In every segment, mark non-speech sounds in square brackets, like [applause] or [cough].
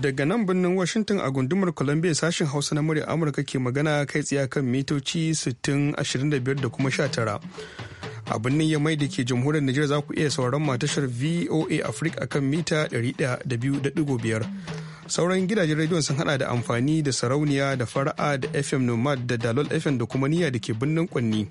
daga nan birnin washington a gundumar columbia sashen hausa na murya amurka ke magana kai tsaye kan mitoci 6025 da kuma 19 a birnin yamai da ke jamhuriyar nijar za ku iya sauran matashar voa africa akan mita da 102.5 sauran gidajen rediyon sun hada da amfani da sarauniya da fara'a da fm nomad da dalol fm da kuma niyya da ke birnin kwanni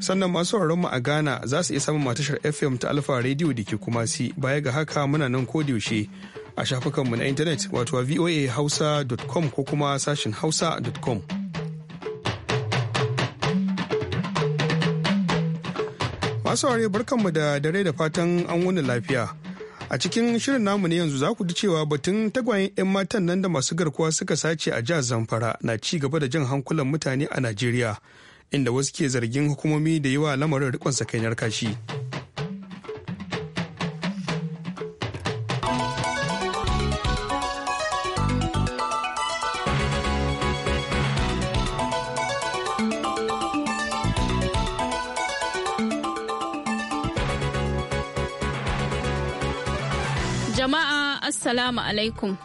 sannan masu mu a ghana za su iya samun matashar fm ta alfa radio da ke kumasi baya ga haka muna nan kodiyaushe yaushe a shafukanmu na intanet wato a voahausa.com ko kuma sashin hausa.com. Masu ware barkanmu da dare da fatan an wani lafiya. A cikin shirin namu ne yanzu za ku ji cewa batun tagwayen 'yan matan nan da masu garkuwa suka sace a jihar Zamfara na ci gaba da jan hankulan mutane a Najeriya, inda wasu ke zargin hukumomi da yawa lamarin rikon sakainar kashi. Assalamu alaikum.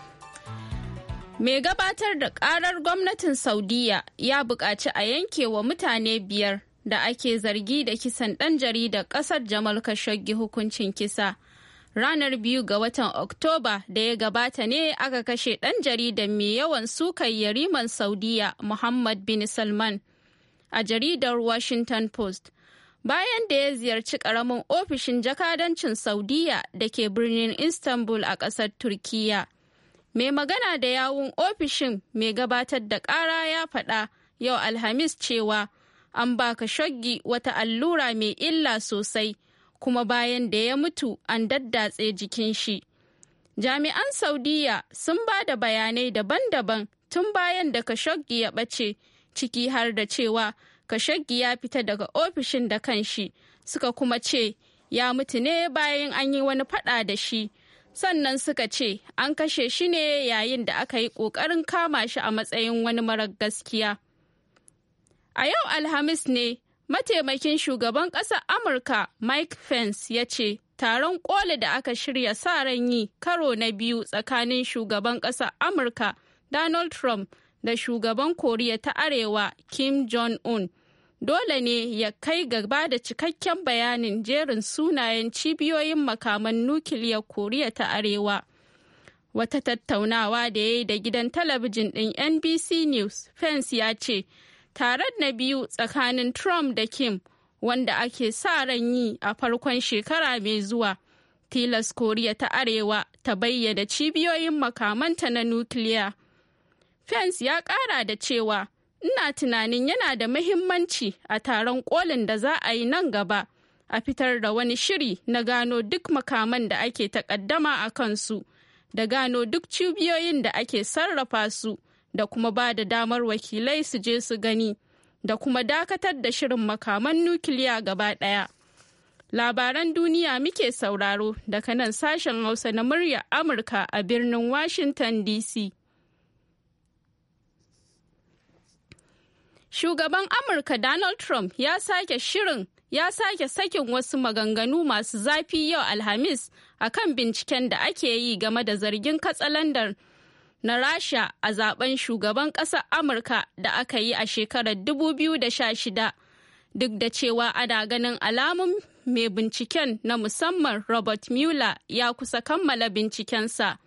Mai gabatar da karar gwamnatin Saudiya ya buƙaci a yanke wa mutane biyar da ake zargi da kisan ɗan jaridar ƙasar Jamal Khashoggi hukuncin kisa. Ranar biyu ga watan Oktoba da ya gabata ne aka kashe ɗan jaridar mai yawan sukai yariman Saudiya Muhammad bin Salman a jaridar Washington Post. bayan da ya ziyarci ƙaramin ofishin jakadancin saudiya da ke birnin istanbul a ƙasar turkiya mai magana da yawun ofishin mai gabatar da ƙara ya faɗa yau alhamis cewa an baka shoggi wata allura mai illa sosai kuma bayan da ya mutu an daddatse jikin shi jami'an saudiya sun ba da bayanai daban-daban tun bayan da kashoggi ya ɓace ciki har da cewa kashaggi ya fita daga ofishin da kanshi suka kuma ce ya mutu ne bayan an yi wani fada da shi sannan suka ce an kashe shi ne yayin da aka yi ƙoƙarin kama shi a matsayin wani marar gaskiya. A yau Alhamis ne mataimakin shugaban ƙasar Amurka Mike Pence ya ce taron ƙoli da aka shirya sa ran yi karo na biyu tsakanin shugaban ƙasar Amurka Donald Trump da shugaban koriya ta arewa kim jong-un dole ne ya kai gaba da cikakken bayanin jerin sunayen cibiyoyin makaman nukiliyar koriya ta arewa wata tattaunawa da ya yi da gidan talabijin ɗin nbc news fence ya ce taron na biyu tsakanin trump da kim wanda ake sa ran yi a farkon shekara mai zuwa tilas koriya ta arewa ta bayyana cibiyoyin makamanta na nukiliya fence ya kara da cewa ina tunanin yana da mahimmanci a taron kolin da za a yi nan gaba a fitar da wani shiri na gano duk makaman da ake takaddama a kansu da gano duk cibiyoyin da ake sarrafa su da kuma ba da damar wakilai su je su gani da kuma dakatar da shirin makaman nukiliya gaba ɗaya. Labaran duniya muke sauraro daga nan sashen Hausa na murya Amurka a birnin Washington DC. Shugaban Amurka Donald Trump ya sake shirin ya sake sakin wasu maganganu masu zafi yau Alhamis a kan binciken da ake yi game da zargin katsalandar na Rasha a zaben shugaban ƙasar Amurka da aka yi a shekarar 2016 duk da cewa ana ganin alamun mai binciken na musamman Robert Mueller ya kusa kammala bincikensa.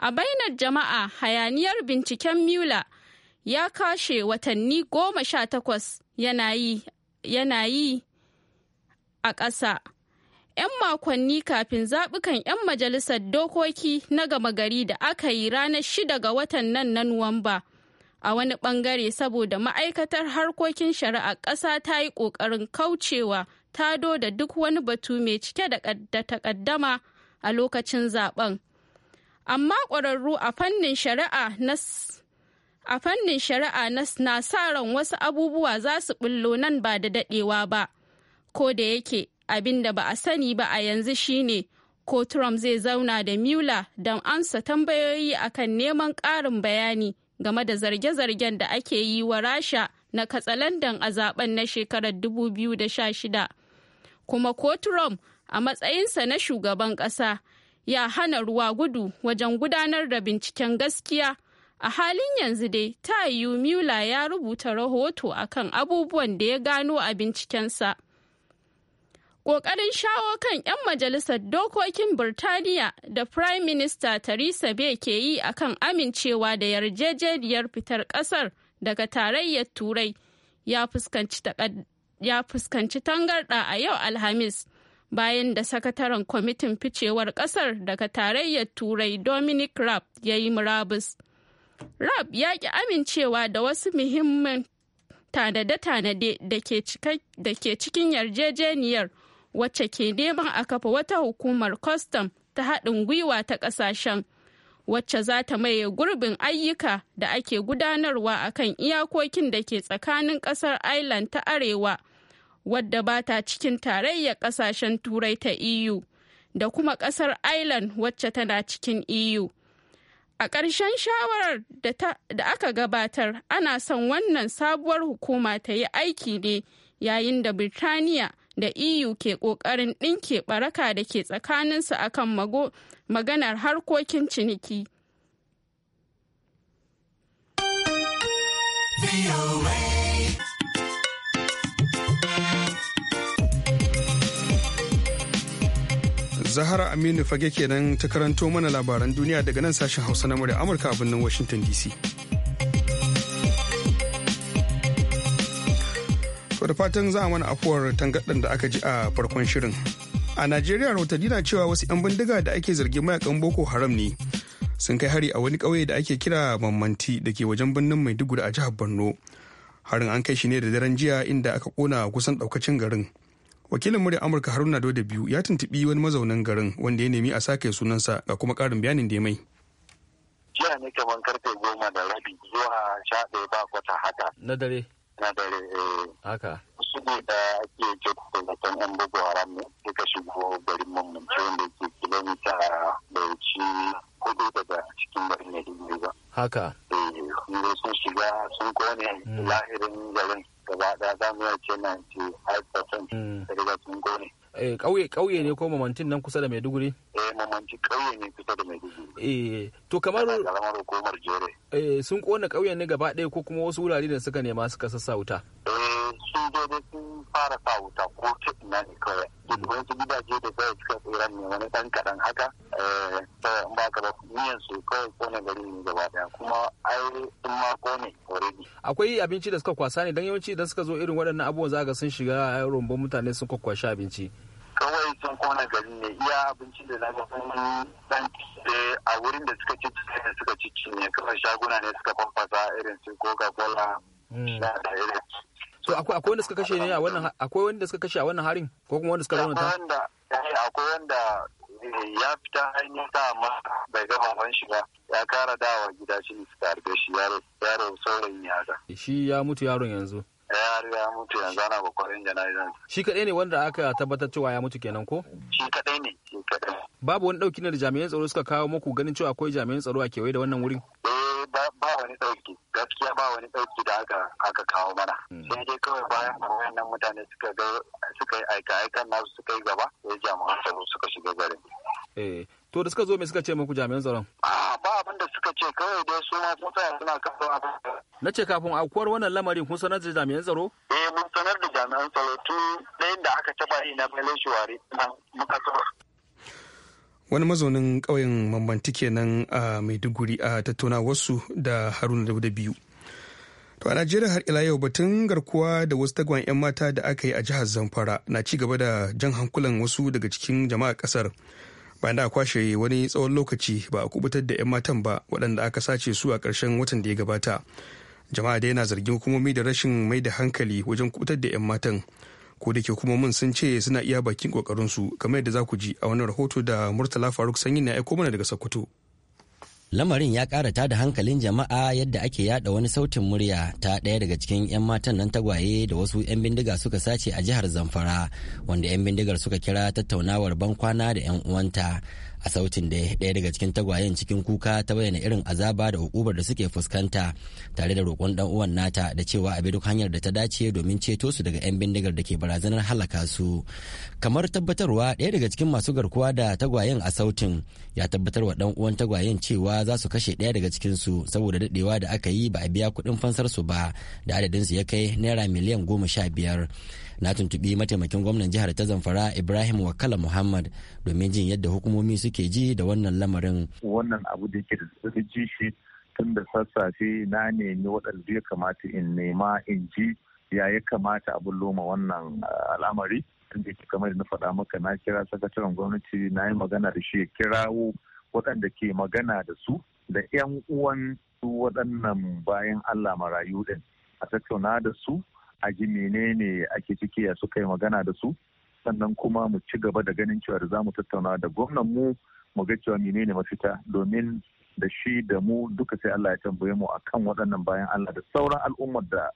A bainar jama'a hayaniyar binciken Mueller ya kashe watanni goma sha takwas yana yi a ƙasa. 'Yan makonni kafin zaɓukan 'yan majalisar dokoki na gama gari da aka yi ranar shida ga watan nan na Nuwamba. A wani ɓangare saboda ma'aikatar harkokin shari'a ƙasa ta yi ƙoƙarin kaucewa tado da duk wani batu mai cike da takaddama a lokacin zaɓen Amma ƙwararru a fannin shari'a na a fannin shari'a na sa ran wasu abubuwa za su bullo nan ba da daɗewa ba ko da yake abin da ba a sani ba a yanzu shine ko trump zai zauna da mueller don amsa tambayoyi akan neman ƙarin bayani game da zarge-zargen da ake yi wa rasha na katsalandan a zaben na shekarar 2016 kuma ko trump a matsayinsa na shugaban ƙasa ya hana ruwa gudu wajen gudanar da binciken gaskiya A halin yanzu dai, ta yiwu ya rubuta rahoto akan abubuwan da ya gano a bincikensa. Ƙoƙarin shawo kan 'yan majalisar dokokin burtaniya da Prime Minister Theresa May ke yi akan amincewa da yarjejeniyar fitar ƙasar daga tarayyar Turai ya fuskanci tangarɗa a yau Alhamis. bayan da sakataren kwamitin ficewar ƙasar daga tarayyar turai dominic raab ya yi murabus Rab ya ƙi amincewa da wasu muhimman tanade-tanade da ke cikin yarjejeniyar wacce ke neman a kafa wata hukumar kwastam ta haɗin gwiwa ta ƙasashen wacce za ta maye gurbin ayyuka da ake gudanarwa a kan iyakokin da ke tsakanin ƙasar Ireland ta Arewa wadda ba ta cikin tarayyar ƙasashen Turai ta EU da kuma ƙasar Ireland wacce tana cikin EU. A ƙarshen shawarar da aka gabatar ana son wannan sabuwar hukuma ta yi aiki ne yayin da Birtaniya da EU ke ƙoƙarin ɗinke ɓaraka da ke tsakaninsu akan maganar harkokin ciniki. VOA. Zahara Aminu fage kenan ta karanto mana labaran duniya daga nan sashen Hausa na murya Amurka a birnin Washington DC. To da fatan za a mana afuwar tangaɗan da aka ji a farkon shirin. A Najeriya rahotanni na cewa wasu 'yan bindiga da ake zargin mayakan Boko Haram ne sun kai hari a wani ƙauye da ake kira Mamanti da ke wajen birnin Maiduguri a jihar Borno. Harin an kai shi ne da daren jiya inda aka kona kusan ɗaukacin garin. wakilin murya amurka haruna dode biyu ya tuntubi wani mazaunin garin wanda ya nemi a sake sunansa ga kuma karin bayanin da ya mai jiya ne kamar karfe goma da rabi zuwa sha ɗaya ba kwata haka na dare na dare eh. haka su ne da ake da kan yan bugu haram ne suka shigo garin ce wanda ke kilomita da ci kudu daga cikin garin ne ba haka eh, sun shiga sun kone hmm. lahirin garin gaba ɗaya za mu yace 95% hmm. daga cikin gone. Eh, ƙauye ƙauye ne ko mamantin nan kusa da Maiduguri? Eh mamanci ƙauye ne kusa da Maiduguri. Eh to kamar karamar hukumar jere. Eh sun kona kauyen ne gaba ɗaya ko kuma wasu wurare da suka nema suka wuta. Eh sun je da sun fara sa wuta ko ta ina ne kawai duk wani gidaje da zai suka tsira ne wani dan kaɗan haka eh, in ba ka ba miyan su kawai kone gari ne gaba daya kuma ai sun ma kone already akwai abinci da suka kwasa ne don yawanci idan suka zo irin waɗannan abubuwan za ka sun shiga rumbun mutane sun kwakwashe abinci kawai sun kona gari ne iya abinci da na gaban dan a wurin da suka ci cikin da suka ci cikin ne kawai shaguna ne suka fafasa irin su coca cola da hmm. irin to akwai akwai wanda suka kashe ne a wannan akwai wanda suka kashe a wannan harin ko kuma wanda suka raunata? Akwai wanda eh, akwai wanda eh, ya fita hanyar sa amma bai gama ban shi ba ya kara dawa gida shi suka harbe shi yaro saurayin ya Shi ya mutu yaron yanzu. Eh, ya riga mutu yanzu ana kokarin jana'izan shi kadai ne wanda aka tabbatar cewa ya mutu kenan ko shi kadai ne shi kadai babu wani dauki ne da jami'an tsaro suka kawo muku ganin cewa akwai jami'an tsaro a kewaye da wannan wurin eh wani ɗauki gaskiya ba wani ɗauki da aka aka kawo mana hmm. sai dai kawai bayan nan mutane suka ga suka yi aika aikan nasu suka yi gaba sai jami'an tsaro suka shiga garin eh to da suka zo me suka ce muku jami'an tsaron a ba abin da suka ce kawai dai su ma sun tsaya suna kafa abin na ce kafin aukuwar wannan lamarin kun sanar da jami'an tsaro eh mun sanar da jami'an tsaro tun ɗayan da aka taɓa yi na Bello nan muka tsoro wani mazaunin ƙauyen mambanti kenan a maiduguri a tattauna wasu da haruna da biyu to a najeriya har ila yau batun garkuwa da wasu tagwayen 'yan mata da aka yi a jihar zamfara na ci gaba da jan hankulan wasu daga cikin jama'a kasar bayan da a kwashe wani tsawon lokaci ba a kubutar da 'yan matan ba waɗanda aka sace su a ƙarshen watan da ya gabata jama'a da yana zargin hukumomi da rashin mai da hankali wajen kubutar da 'yan matan ko da ke hukumomin sun ce suna iya bakin kokarinsu kamar yadda za ku ji a wannan rahoto da murtala faruk sanyi na aiko mana daga sokoto lamarin ya ƙara ta da hankalin jama'a yadda ake yada wani sautin murya ta ɗaya daga cikin 'yan matan nan tagwaye da wasu 'yan bindiga suka sace a jihar zamfara wanda 'yan bindigar suka kira tattaunawar bankwana da 'yan uwanta a sautin da ɗaya daga cikin tagwayen cikin kuka ta bayyana irin azaba da hukubar da suke fuskanta tare da roƙon dan uwan nata da cewa a bi duk hanyar da ta dace domin ceto su daga 'yan bindigar da ke barazanar halaka su kamar tabbatarwa ɗaya daga cikin masu garkuwa da tagwayen a sautin ya tabbatarwa dan uwan tagwayen cewa za su kashe ɗaya daga cikin su saboda daɗewa da aka yi ba a biya kuɗin fansar su ba da adadin su ya kai naira miliyan goma sha biyar na tuntubi mataimakin gwamnan jihar ta zamfara ibrahim wakala muhammad domin jin yadda hukumomi suke ji da wannan lamarin wannan abu da ke da ji shi tun da sassafe na nemi waɗanda ya kamata in nema in ji ya ya kamata a loma wannan al'amari tun da kamar na faɗa maka na kira sakataren gwamnati na yi magana da shi ya kirawo waɗanda ke magana da su da 'yan uwan waɗannan bayan Allah marayu ɗin a tattauna da su a ji menene ake ciki a suka yi magana da su sannan kuma mu ci gaba da ganin cewa da za mu tattauna da gwamnan mu mu ga cewa menene mafita domin da shi da mu duka sai Allah ya tambaye mu akan waɗannan bayan Allah da sauran al'ummar da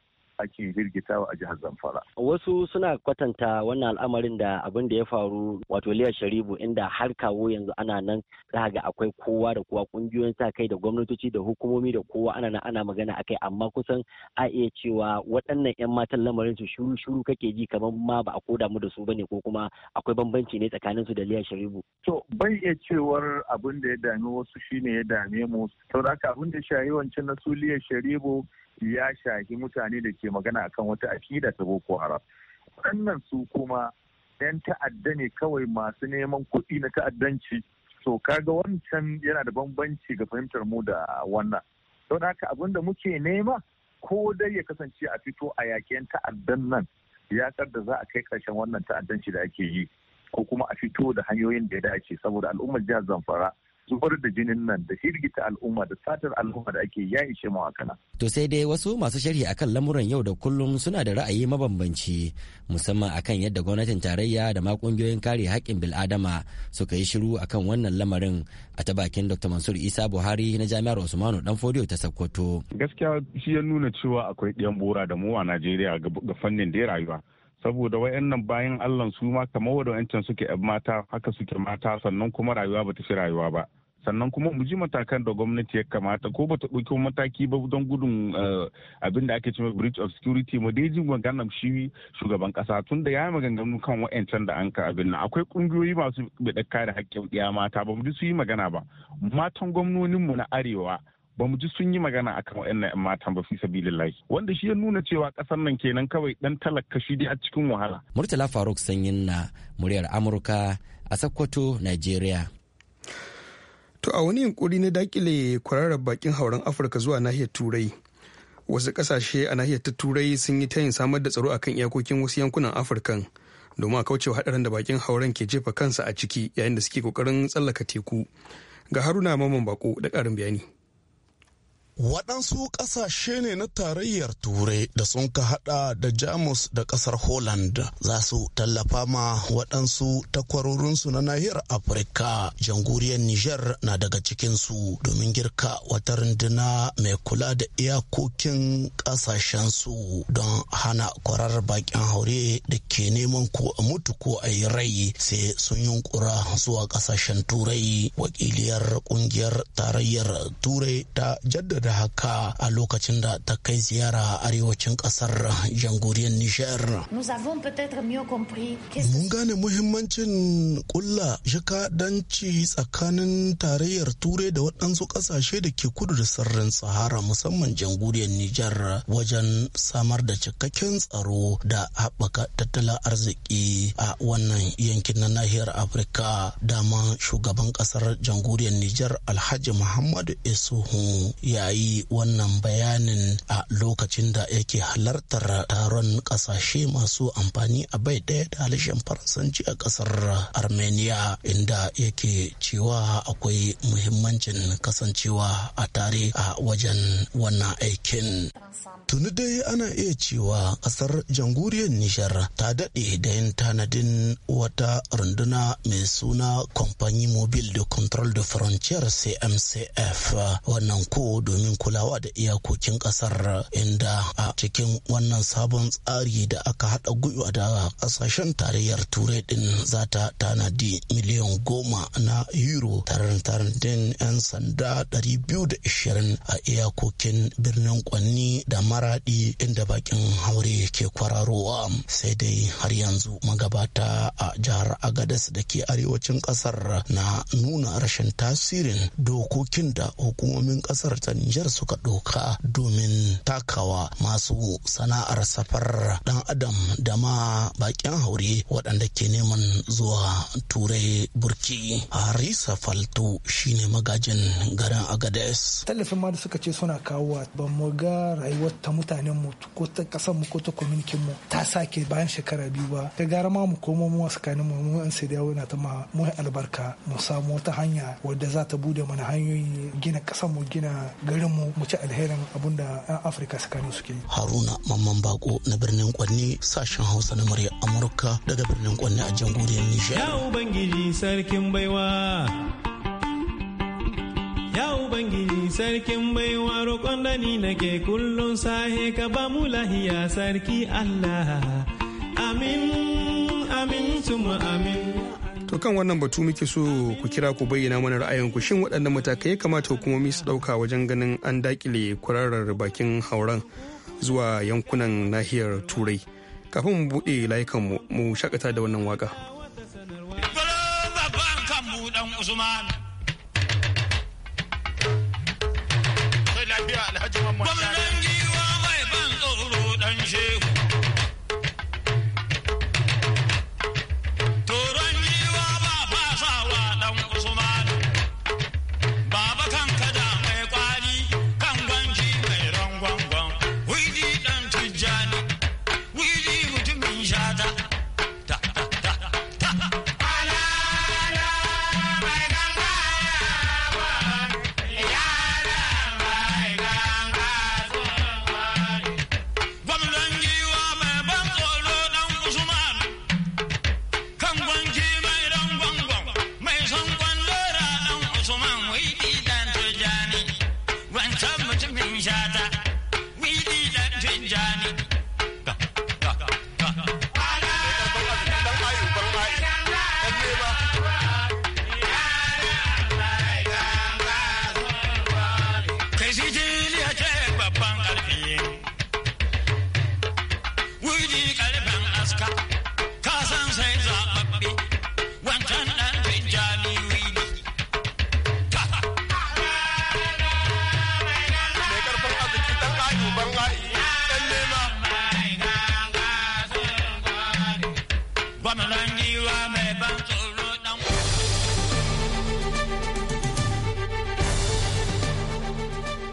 ake hirgitawa a jihar Zamfara. Wasu suna kwatanta wannan al'amarin da abin da ya faru wato Liya Sharibu inda har kawo yanzu ana nan za ga akwai kowa da kowa kungiyoyin sa kai da gwamnatoci da hukumomi da kowa ana nan ana magana akai amma kusan a iya cewa waɗannan 'yan matan lamarin su shuru shuru kake ji kamar ma ba a koda mu da su bane ko kuma akwai bambanci ne tsakanin su da Liya Sharibu. To bai iya cewar abin da ya dami wasu shine ya dame mu. Saboda haka abin da ya shahi wancan na su Liya Sharibu ya shahi mutane da ke magana akan wata akida ta boko haram waɗannan su kuma 'yan ta'adda ne kawai masu neman kuɗi na ta'addanci to kaga wancan yana da bambanci ga fahimtar mu da wannan don haka abin da muke nema ko dai ya kasance a fito a yaƙen ta'addan nan ya da za a kai ƙarshen wannan ta'addanci da ake yi ko kuma a fito da hanyoyin da ya dace saboda al'ummar jihar zamfara zubar da jinin nan da hirgita al'umma da satar al'umma da ake ya ishe mu kana. To sai dai wasu masu sharhi akan lamuran yau da kullum suna da ra'ayi mabambanci musamman akan yadda gwamnatin tarayya da ma kungiyoyin kare haƙƙin bil'adama suka yi shiru akan wannan lamarin a ta bakin Dr. Mansur Isa Buhari na Jami'ar Usmanu Danfodiyo ta Sokoto. Gaskiya shi ya nuna cewa akwai ɗiyan bora da mu a Najeriya ga fannin dai rayuwa. saboda wayannan bayan Allah su ma kamar wadancan suke mata haka suke mata sannan kuma rayuwa bata shi rayuwa ba sannan kuma mu ji matakan da gwamnati ya kamata ko bata ɗauki mataki ba don gudun eh, abin da ake cewa bridge of security mu dai ji magana shi shugaban kasa tun da ya yi maganganu kan wa'ancan da an ka abin nan akwai kungiyoyi masu bada kare haƙƙin ɗiya mata ba mu ji su yi magana ba matan gwamnonin mu na arewa ba mu ji sun yi magana akan wa'annan matan ba fi sabilin lai wanda shi ya nuna cewa kasar nan kenan kawai dan talaka shi dai a cikin wahala murtala faruk sanyin na muryar amurka a sokoto nigeria To a wani yunkuri na dakile kwararar bakin hauren Afirka zuwa nahiyar Turai. Wasu ƙasashe a nahiyar ta Turai sun yi tayin samar da tsaro akan iyakokin wasu yankunan Afirkan domin a kaucewa haɗarin da bakin hauren ke jefa kansa a ciki yayin da suke ƙoƙarin tsallaka teku. Ga Haruna Maman Bako da ƙarin bayani. waɗansu ƙasashe ne na tarayyar turai da sun ka haɗa da jamus da ƙasar holland za su tallafa ma waɗansu takwarorinsu na nahiyar afirka jamhuriyar niger na daga cikinsu domin girka wata runduna mai kula da iyakokin ƙasashensu don hana kwarar bakin haure da ke neman ko a mutu ko a yi rai sai sun yunkura zuwa ƙasashen turai wakiliyar ƙungiyar tarayyar turai ta jaddada da haka a lokacin da ta kai ziyara a arewacin kasar jamhuriyar Nijar. Mun gane muhimmancin kulla jakadanci tsakanin tarayyar Turai da waɗansu ƙasashe da ke kudu da sararin Sahara musamman jamhuriyar Nijar wajen samar da cikakken tsaro da haɓaka tattalin arziki a wannan yankin na nahiyar Afirka dama shugaban ƙasar jamhuriyar Nijar Alhaji Muhammadu Isuhu yayi yi wannan bayanin a lokacin da yake halartar taron kasashe masu amfani a bai ɗaya da harshen faransanci a ƙasar armenia inda yake cewa akwai muhimmancin kasancewa a tare a wajen wannan aikin. Tuni dai ana iya cewa ƙasar jamhuriyar Nijar ta daɗe da yin tanadin wata runduna mai suna Compagnie Mobile da Control da Frontier CMCF wannan ko domin kulawa da iyakokin ƙasar inda a cikin wannan sabon tsari da aka haɗa gwiwa da ƙasashen tarayyar Turai ɗin za ta tanadi miliyan goma na euro tarin 'yan sanda 220 a iyakokin birnin Kwanni da maradi inda bakin haure ke kwararowa sai dai har yanzu magabata a jihar agadas da ke arewacin kasar na nuna rashin tasirin dokokin da hukumomin kasar ta nijar suka doka domin takawa masu sana'ar safar dan adam da ma bakin haure waɗanda ke neman zuwa turai burki harisa falto shine magajin garin agades tallafin ma da suka ce suna kawo ban mu ga rayuwar ta mutanen mu ko ta kasan mu ko ta communitin mu ta sake bayan shekara biyu ba ta gara ma mu komo mu tsakanin mu mu an sai yana na ta ma mu albarka mu samu wata hanya wadda za ta bude mana hanyoyi gina kasan mu gina garin mu mu ci alherin da yan Afirka tsakanin suke Haruna Mamman Bako na birnin kwanne sashen Hausa na murya Amurka daga birnin kwanne a jamhuriyar Nijar Ya Ubangiji sarkin baiwa Ya Ubangiji sarkin baiwa roƙon da ni nake kullum sahe ka ba mu lahiya sarki Allah. Amin, amin, suma amin. To kan wannan batu muke so ku kira ku bayyana mana ra'ayinku shin waɗannan matakai ya kamata hukumomi su ɗauka wajen ganin an daƙile kwararar bakin hauran zuwa yankunan nahiyar turai. Kafin mu buɗe layukanmu mu shakata da wannan waka. Usman. godiya alhaji mamman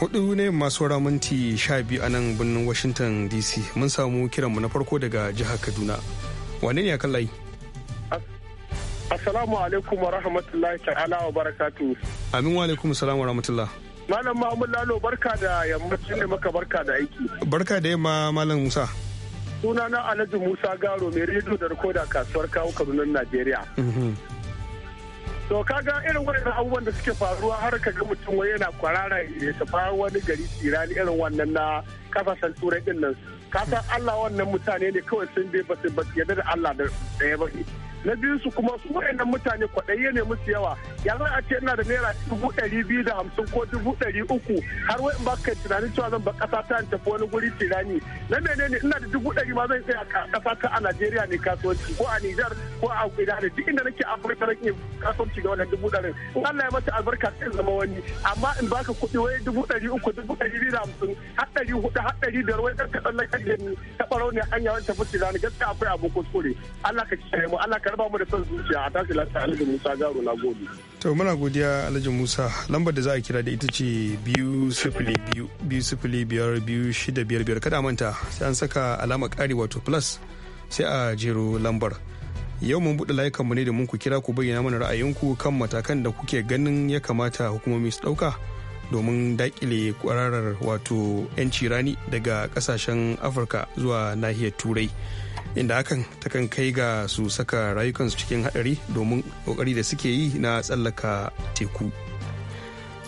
hudu ne masu minti sha biyu a nan birnin washington dc mun samu kiranmu na farko daga jihar kaduna wane ne kan layi assalamu alaikum wa rahmatullahi ta'ala wa barakatu amin wa alaikum salam wa rahmatullah malam mahamud lalo barka da yammacin da maka barka da aiki barka da yamma malam musa sunana alhaji musa garo mai rediyo da rikoda kasuwar kawo kaduna najeriya mhm. to kaga irin wannan abubuwan da suke faruwa har ka ga mutum wai yana kwarara ya tafa wani gari tirani irin wannan na kasashen turai din nan kasan Allah wannan mutane ne kawai sun bai ba su yarda da Allah da ɗaya ba na biyu su kuma su wayannan mutane kwaɗayye ne musu yawa yanzu a ce ina da naira dubu ɗari biyu da hamsin ko dubu ɗari uku har wai in ba ka tunanin cewa zan ba ƙasa ta tafi wani guri tirani na menene ina da dubu ɗari ma zan tsaya a ƙasa ta a Najeriya ne kasuwanci ko a Nijar ko a Ina da duk inda nake Afirka na ke kasuwanci ga wannan dubu ɗari in Allah ya mata albarka sai zama wani amma in baka kuɗi wai dubu ɗari uku dubu ɗari biyu da hamsin har ɗari huɗu har ɗari biyar wai ɗan ka tsallakar da ni ta ɓarau ne hanya wani tafi tirani gaskiya akwai abu kuskure Allah ka kiyaye mu Allah ka kar ba mu da son zuciya a tashi alhaji musa garo na gode to muna godiya alhaji musa lambar da za a kira da ita ce biyu sifili biyu biyu sifili biyar biyu shida biyar biyar kada manta sai an saka alama kare wato plus sai a jero lambar yau mun buɗe layukanmu ne da mun ku kira ku bayyana mana ra'ayinku kan matakan da kuke ganin ya kamata hukumomi su ɗauka domin daƙile kwararar wato 'yanci rani daga ƙasashen afirka zuwa nahiyar turai inda hakan ta kan kai ga su saka rayukansu cikin haɗari domin kokari da suke yi na tsallaka teku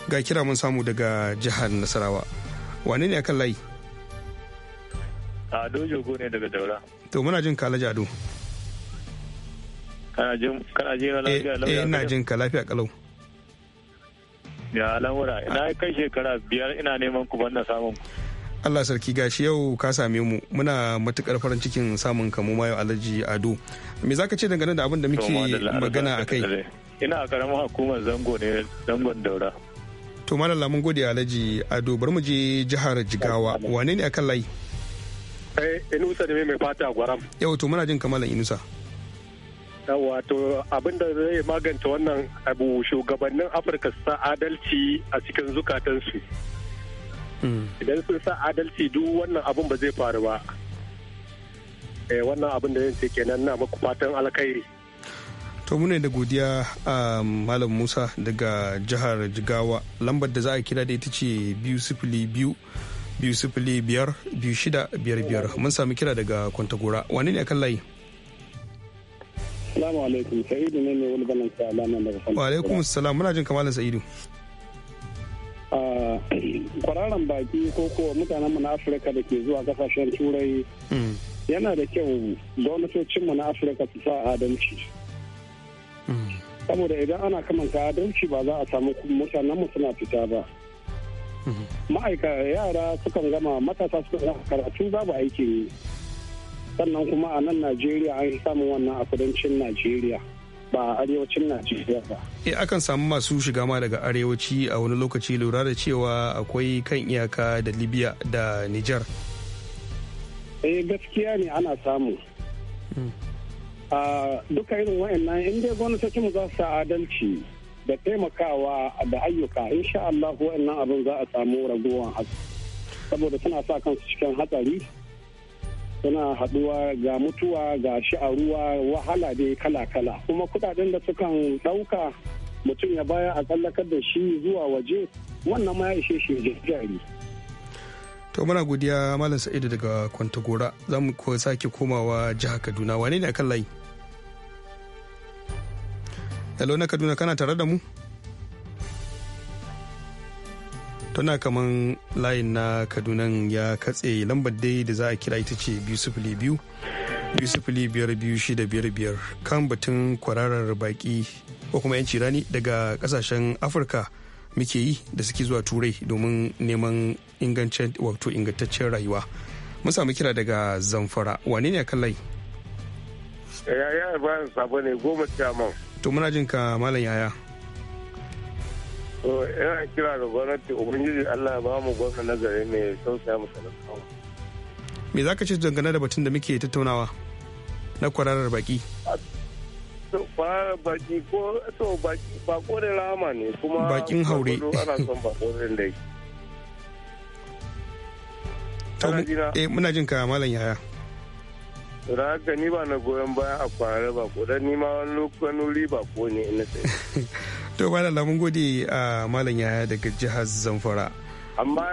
ga kira mun samu daga jihar nasarawa wane ne akan layi ado jogo ne daga daura to muna jin kala ado kana jin lafiya lafiya eh, eh, ina jin ka lafiya kalau ya lamura na kai shekara biyar ina neman ku ban samun ku Allah sarki gashi yau ka same mu muna matukar farin cikin samun kamu mayo alhaji ado me zaka ce dangane da abin da muke magana a kai ina a karamar hukumar zango ne zangon daura to malalla mun gode alhaji ado bari mu je jihar jigawa wane ne akan layi eh, inusa ne mai fata gwaram yau to muna jin kamalan inusa yawa to abin da zai magance wannan abu shugabannin afirka sa adalci a cikin zukatansu idan sun sa adalci duk wannan abun ba zai faru ba eh wannan abun da ce kenan na muku fatan alkhairi to mune da godiya a malam musa daga jihar jigawa lambar da za a kira da ita ce biyu sifili biyu biyu sifili biyar biyu shida biyar biyar mun sami kira daga kwantagora wani ne akan layi Salamu alaikum, Sa'idu ne ne wani banin salamu daga Wa alaikum, salam, muna jin kamalin Sa'idu. kwararan baki ko ko mutanenmu na afirka da ke zuwa kasashen turai hmm. yana da kyau gwamnatocinmu na afirka su sa adalci hmm. saboda idan ana kamanta adalci ba za a samu mutanenmu suna fita ba hmm. ma'aika yara sukan gama matasa sukan gama karatu babu aikin yi sannan kuma a nan najeriya an samun wannan a kudancin najeriya ba a arewacin najeriya ba e akan samu masu shiga ma daga arewaci a wani lokaci lura da cewa akwai kan iyaka da libya da niger eh gaskiya ne ana samu hmm. duka irin wayannan in dai gwamnatocinmu za su adalci da taimakawa da ayyuka insha Allah wayannan abin za a samu raguwan saboda suna sa kansu cikin hatsari suna haduwa ga mutuwa ga sha'aruwa wahala da kala-kala kuma kudaden da sukan dauka mutum ya baya a tsallakar da shi zuwa waje wannan ma ya ishe shi jari to muna godiya malam sa'idu daga kwantagora za mu sake komawa jiha kaduna wane ne akan layi hello na kaduna kana tare da mu kuna kaman layin na kadunan ya katse lambar dai da za a kira ita ce biyu sifili biyu biyu sifili biyar biyu shida biyar biyar kan batun kwararar baki ko kuma yanci rani daga kasashen afirka muke yi da suke zuwa turai domin neman ingancin wato ingantaccen rayuwa mun samu kira daga zamfara wane ne a kan layi eh, yaya bayan sabo ne goma ciyaman to muna jin ka malam yaya To yana kira ga gwamnati Ubangiji Allah ba mu gwamna nazari mai mu talakawa. Me za ka ce dangane da batun da muke tattaunawa na kwararar baki? Kwararar bakin haure. Ana son Eh muna jin ka malam yaya. da haka ni ba na goyon baya a kwararar ba ko dan ni ma wani lokacin wuri ba ko ne ina [laughs] to ba da lamun gode a malam yaya daga jihar zamfara amma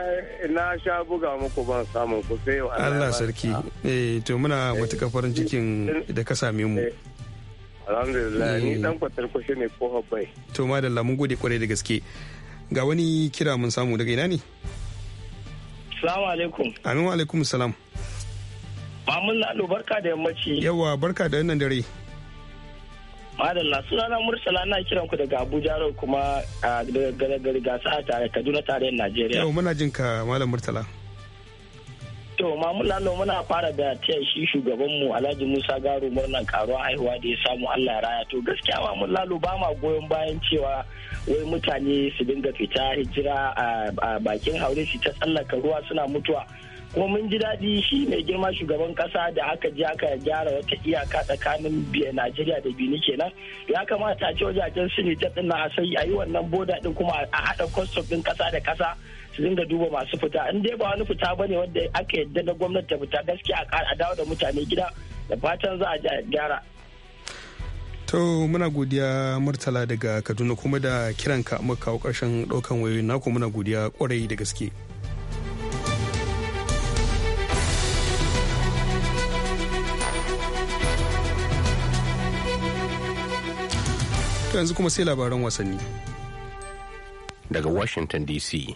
na sha buga muku ban samun ku sai Allah sarki eh to muna eh. matuƙa farin cikin da ka same mu eh. alhamdulillah ni eh. dan kwatar kushe ne ko habbai to madalla mun gode kwarai da gaske ga wani kira mun samu daga ina ne salamu alaikum amin wa alaikum salam mamun lalo barka da yammaci yawa barka da wannan dare Madalla sunana Mursala na kiran ku daga Abuja Road kuma daga gasa a tare Kaduna tarayyar Najeriya. Yau muna jin ka Malam Murtala. To Mamu Lalo muna fara da tiyan shi shugabanmu Alhaji Musa garu murnan karuwa haihuwa da ya samu Allah ya raya to gaskiya Mamu Lalo ba ma goyon bayan cewa wai mutane su dinga fita hijira a bakin haure su ta tsallaka ruwa suna mutuwa. kuma mun ji daɗi shi mai girma shugaban kasa da aka ji aka gyara wata iyaka tsakanin biya najeriya da bini kenan ya kamata a ce wajajen su ɗin na a sai a yi wannan boda ɗin kuma a haɗa kwastof ɗin kasa da kasa su dinga duba masu fita in dai ba wani fita ba ne wanda aka yadda na gwamnati ta fita gaskiya a dawo da mutane gida da fatan za a gyara To muna godiya Murtala daga Kaduna kuma da kiranka muka kawo ƙarshen ɗaukan wayoyin naku muna godiya kwarai da gaske. yanzu kuma sai labaran wasanni. Daga Washington DC.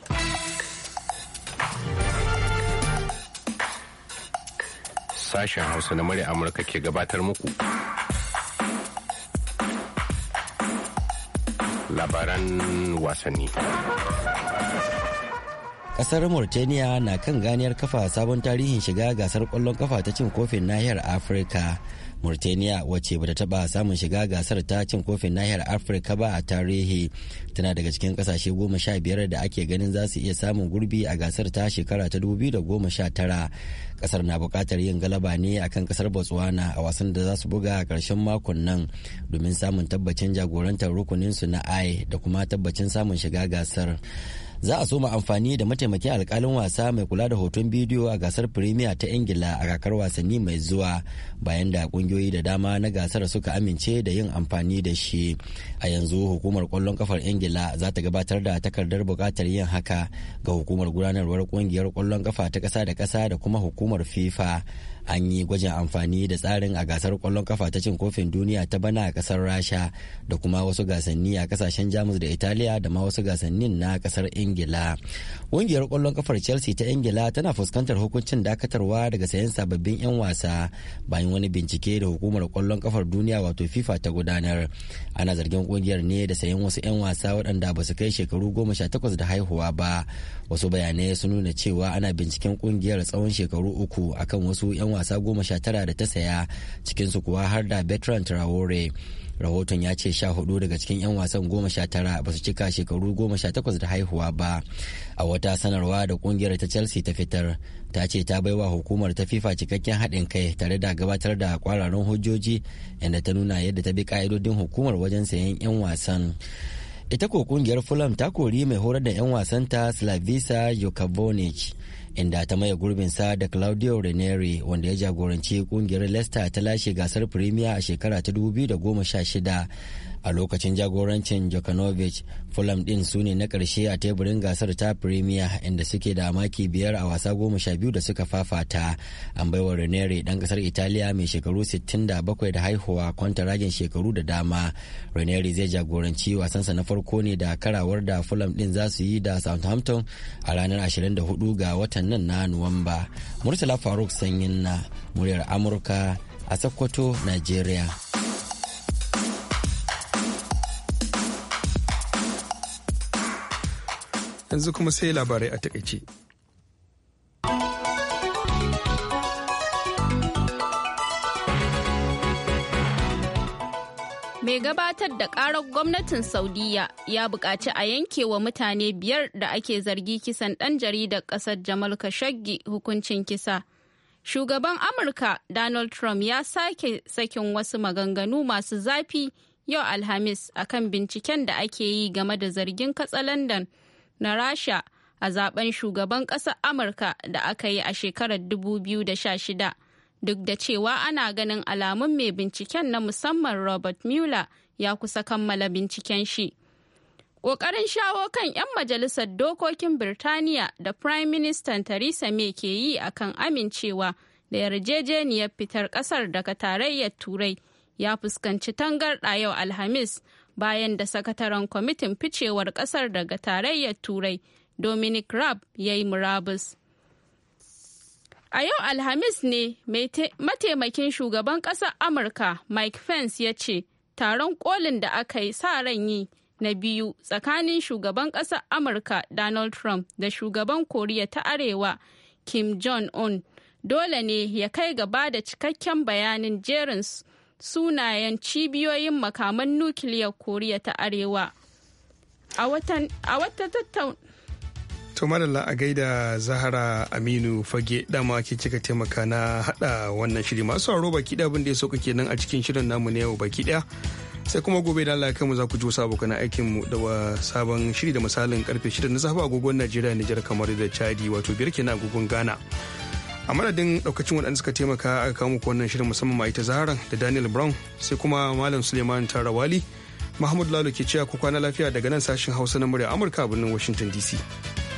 Sashen Hausa na Mare Amurka ke gabatar muku. Labaran wasanni. kasar mauritania na kan ganiyar kafa sabon tarihin shiga gasar kwallon kafa ta cin kofin nahiyar afirka mauritania wacce bata taba samun shiga gasar ta cin kofin nahiyar afirka ba a tarihi tana daga cikin kasashe goma sha biyar da ake ganin za su iya samun gurbi a gasar ta shekara ta dubu da goma sha tara kasar na bukatar yin galaba ne akan kasar botswana a wasan da za su buga a karshen makon nan domin samun tabbacin jagorantar rukuninsu na ai e da kuma tabbacin samun shiga gasar za a soma amfani da mataimakin alkalin wasa mai kula da hoton bidiyo a gasar premier ta ingila a kakar wasanni mai zuwa bayan da kungiyoyi da dama na gasar suka amince da yin amfani da shi a yanzu hukumar kwallon kafar ingila za ta gabatar da takardar bukatar yin haka ga hukumar gudanarwar kungiyar kwallon kafa ta ƙasa da ƙasa da kuma hukumar fifa an yi gwajin amfani da tsarin a gasar kwallon kafa ta cin kofin duniya ta bana a kasar rasha da kuma wasu gasanni a kasashen jamus da italiya da ma wasu gasannin na kasar ingila ƙungiyar kwallon kafar chelsea ta ingila tana fuskantar hukuncin dakatarwa daga sayan sababbin 'yan wasa bayan wani bincike da hukumar kwallon kafar duniya wato fifa ta gudanar ana zargin kungiyar ne da sayan wasu 'yan wasa waɗanda ba su kai shekaru goma sha takwas da haihuwa ba wasu bayanai sun nuna cewa ana binciken kungiyar tsawon shekaru uku akan wasu 'yan 'yan wasa goma sha tara da ta saya cikinsu kuwa har da Bertrand Traore. Rahoton ya ce sha hudu daga cikin 'yan wasan goma sha tara ba su cika shekaru goma sha takwas da haihuwa ba. A wata sanarwa da kungiyar ta Chelsea ta fitar ta ce ta baiwa hukumar ta FIFA cikakken haɗin kai tare da gabatar da kwararon hujjoji inda ta nuna yadda ta bi ka'idodin hukumar wajen sayan 'yan wasan. ita ko kungiyar fulham ta kori mai horar da 'yan wasanta slavisa yokavonic inda ta maye gurbinsa da claudio ranieri wanda ya jagoranci kungiyar leicester ta lashe gasar premier a shekara ta 2016 a lokacin jagorancin Jokanovic Fulham din su ne na karshe a teburin gasar ta Premier inda suke da maki biyar a wasa goma sha biyu da suka fafata an baiwa Ranieri dan kasar Italiya mai shekaru 67 da haihuwa kwanta ragin shekaru da dama Ranieri zai jagoranci wasansa na farko ne da karawar da Fulham din za su yi da Southampton a ranar 24 ga watan watan nan na nuwamba murtala faruk sanyin na muryar amurka a sokoto nigeria yanzu kuma sai labarai a takaice mai gabatar da karar gwamnatin saudiya ya buƙaci a yanke wa mutane biyar da ake zargi kisan ɗan jaridar ƙasar jamal khashoggi hukuncin kisa shugaban amurka donald trump ya sake sakin wasu maganganu masu zafi yau alhamis akan binciken da ake yi game da zargin katsalandan na rasha a zaben shugaban ƙasar amurka da aka yi a shekarar 2016 duk da cewa ana ganin alamun mai binciken na musamman robert mueller ya kusa kammala binciken shi ƙoƙarin shawo kan 'yan majalisar dokokin birtaniya da prime minister theresa may ke yi akan amincewa da yarjejeniyar fitar ƙasar daga tarayyar turai ya fuskanci tangarɗa yau alhamis bayan da sakataren kwamitin ficewar ƙasar daga tarayyar turai dominic raab ya yi murabus A yau Alhamis ne mataimakin shugaban ƙasar Amurka Mike Pence ya ce taron kolin da aka yi sa ran yi na biyu tsakanin shugaban ƙasar Amurka Donald Trump da shugaban Koriya ta Arewa Kim Jong-un dole ne ya kai gaba da cikakken bayanin jerin sunayen cibiyoyin makaman nukiliyar Koriya ta Arewa. A watan, a to madalla a gaida zahara aminu fage dama ke kika taimaka na hada wannan shiri masu sauraro baki daya abin da ya sauka kenan a cikin shirin namu na yau baki daya sai kuma gobe da Allah mu za ku ji wasu abokan aikin mu da sabon shiri da misalin karfe shida na zafi agogon Najeriya Nijar kamar da Chadi wato biyar kenan agogon Ghana a madadin daukacin waɗanda suka taimaka aka kawo muku wannan shirin musamman ma ita Zaharan da Daniel Brown sai kuma Malam Suleiman Tarawali Mahmud Lalo ke ciya ku kwana lafiya daga nan sashin Hausa na murya Amurka a birnin Washington DC